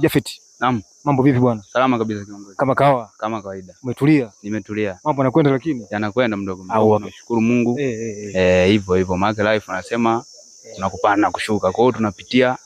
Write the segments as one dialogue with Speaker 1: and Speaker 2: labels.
Speaker 1: Jafeti. Naam. Mambo vipi bwana?
Speaker 2: Salama kabisa kiongozi. Kama kawa? Kama kawaida. Umetulia? Nimetulia.
Speaker 1: Mambo yanakwenda lakini?
Speaker 2: Yanakwenda mdogo
Speaker 1: mdogo. Nashukuru Mungu. Eh, eh,
Speaker 2: eh, eh. Hivyo hivyo maana life anasema tunakupanda na kushuka. Kwa hiyo tunapitia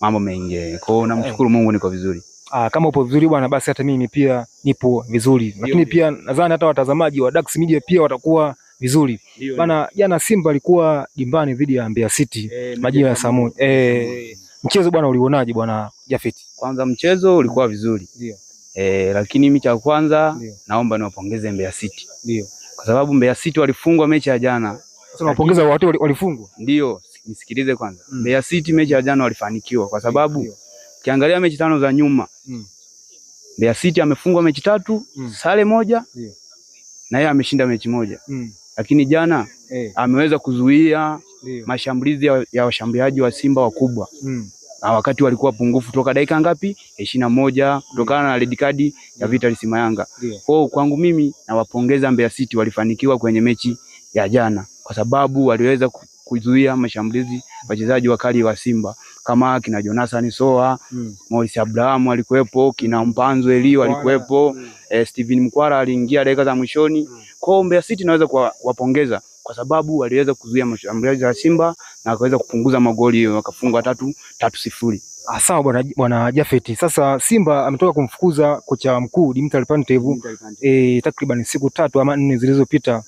Speaker 2: mambo mengi. Kwa hiyo namshukuru eh. Mungu niko vizuri.
Speaker 1: Ah, kama upo vizuri bwana, basi hata mimi pia nipo vizuri. Lakini pia nadhani hata watazamaji wa Dax Media pia watakuwa vizuri. Bana, jana Simba alikuwa jimbani dhidi ya Mbeya City eh, majira ya saa moja. Eh. Mchezo bwana ulionaje bwana Jafet?
Speaker 2: Kwanza mchezo ulikuwa vizuri. Ndio. E, lakini mimi cha kwanza Dio. Naomba niwapongeze Mbeya City. Ndio. Kwa sababu Mbeya City walifungwa mechi ya jana.
Speaker 1: Sasa napongeza watu walifungwa.
Speaker 2: Ndio, nisikilize kwanza. Mm. Mbeya City mechi ya jana walifanikiwa kwa sababu ukiangalia mechi tano za nyuma mm. Mbeya City amefungwa mechi tatu mm. sare moja Dio. na yeye ameshinda mechi moja mm. lakini jana hey. Eh. ameweza kuzuia Ndiyo. mashambulizi ya washambuliaji wa Simba wakubwa mm. na ah, wakati walikuwa pungufu toka dakika ngapi ishirini na moja kutokana na red card ya mm. Vitalis Mayanga. Kwa kwangu mimi nawapongeza Mbeya City, walifanikiwa kwenye mechi ya jana kwa sababu waliweza kuzuia mashambulizi wachezaji wakali wa Simba kama kina Jonathan Soa mm. Morris Abraham alikuwepo, kina Mpanzo Elio alikuwepo mm. eh, Steven Mkwara aliingia dakika za mwishoni mm. kwao Mbeya City naweza kuwapongeza kwa sababu waliweza kuzuia mashambulizi ya Simba na wakaweza kupunguza magoli hiyo, wakafunga tatu tatu sifuri.
Speaker 1: Ah, sawa bwana bwana Jafet, sasa Simba ametoka kumfukuza kocha mkuu Dimitar Pantev e, takriban siku tatu ama nne zilizopita,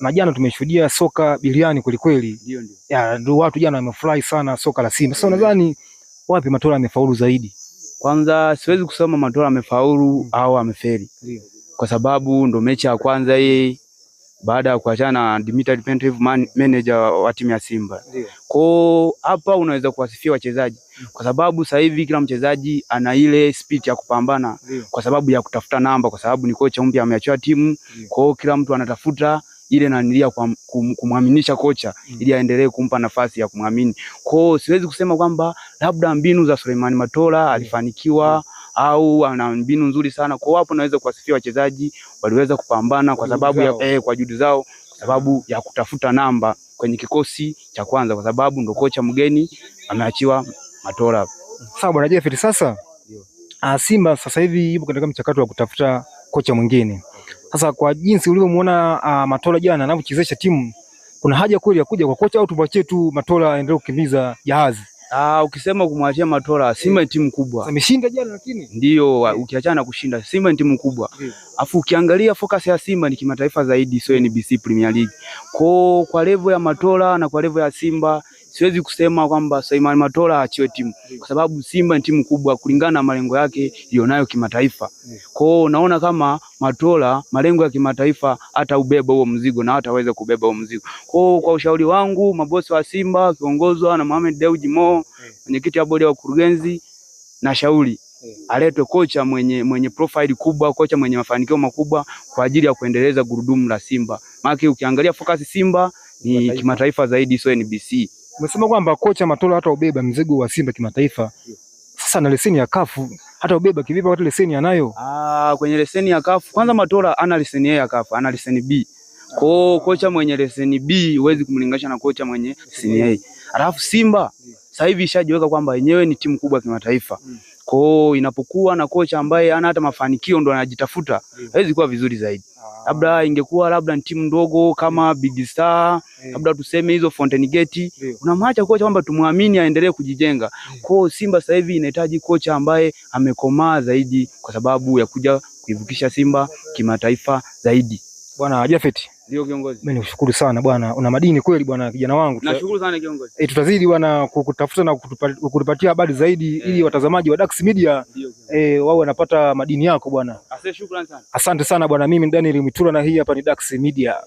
Speaker 1: na jana tumeshuhudia soka biliani kwelikweli, ndio watu jana wamefurahi sana soka la Simba. Sasa unadhani wapi Matola amefaulu zaidi?
Speaker 2: Kwanza siwezi kusema Matola amefaulu mm. au amefeli kwa sababu ndo mechi ya kwanza yeye baada ya kuachana na Dimitar Pantev, manager wa timu ya Simba. Kwa hapa unaweza kuwasifia wachezaji mm. kwa sababu sasa hivi kila mchezaji ana ile speed ya kupambana kwa sababu ya kutafuta namba, kwa sababu ni kocha mpya ameachia timu, hiyo kila mtu anatafuta ile nanilia kumwaminisha kocha mm. ili aendelee kumpa nafasi ya kumwamini. Kwa hiyo siwezi kusema kwamba labda mbinu za Suleiman Matola alifanikiwa mm au ana mbinu nzuri sana. Kwa wapo naweza kuwasifia wachezaji waliweza kupambana kwa sababu ya, eh, kwa juhudi zao kwa sababu ya kutafuta namba kwenye kikosi cha kwanza, kwa sababu ndo kocha mgeni ameachiwa Matola.
Speaker 1: Sawa bwana Jeffrey, sasa ah, Simba sasa hivi yupo katika mchakato wa kutafuta kocha mwingine. Sasa kwa jinsi ulivyomuona uh, ah, Matola jana anavyochezesha timu, kuna haja kweli ya kuja kwa kocha au tumwachie tu Matola aendelee kukimbiza jahazi?
Speaker 2: Ah, ukisema kumwachia Matola, eh. Simba ni timu kubwa.
Speaker 1: Ameshinda jana lakini.
Speaker 2: Ndio, eh. ukiachana na kushinda, Simba ni timu kubwa. Afu ukiangalia focus ya Simba ni kimataifa zaidi, sio NBC Premier League. Kwa kwa level ya Matola na kwa level ya Simba siwezi kusema kwamba Saimani Matola achiwe timu kwa sababu Simba ni timu kubwa kulingana na malengo yake iliyonayo kimataifa. Kwa hiyo naona kama Matola malengo ya kimataifa hata ubeba huo mzigo na hataweza kubeba huo mzigo. Kwa hiyo kwa ushauri wangu, mabosi wa Simba wakiongozwa na Mohamed Dewji Mo, mwenyekiti wa bodi ya wakurugenzi, na shauri aletwe kocha mwenye mwenye profile kubwa, kocha mwenye mafanikio makubwa kwa ajili ya kuendeleza gurudumu la Simba. Maana ukiangalia focus Simba ni kimataifa zaidi, sio NBC.
Speaker 1: Umesema kwamba kocha Matola hata ubeba mzigo wa Simba kimataifa. Sasa na leseni ya kafu hata ubeba kivipi wakati leseni anayo?
Speaker 2: Ah, kwenye leseni ya kafu kwanza Matola ana leseni ya kafu, ana leseni B. Kwa kocha mwenye leseni B huwezi kumlinganisha na kocha mwenye leseni A. Alafu Simba sasa hivi ishajiweka kwamba yenyewe ni timu kubwa kimataifa. Hmm. Kwa hiyo inapokuwa na kocha ambaye ana hata mafanikio ndo anajitafuta, hawezi kuwa vizuri zaidi. Ah. Labda ingekuwa labda ni timu ndogo kama Big Star, labda tuseme hizo Fountain Gate, unamwacha kocha kwamba tumwamini aendelee kujijenga. Kwa hiyo Simba sasa hivi inahitaji kocha ambaye amekomaa zaidi kwa sababu ya kuja kuivukisha Simba kimataifa zaidi.
Speaker 1: Bwana Jafeti. Ndio kiongozi. Mimi nikushukuru sana bwana, una madini kweli bwana, kijana wangu.
Speaker 2: Nashukuru sana kiongozi.
Speaker 1: Eh, tutazidi bwana kukutafuta na kutupatia habari zaidi e, ili watazamaji wa Dax Media eh, wao wanapata madini yako bwana.
Speaker 2: Asante, shukrani sana.
Speaker 1: Asante sana bwana, mimi ni Daniel Mitura na hii hapa ni Dax Media.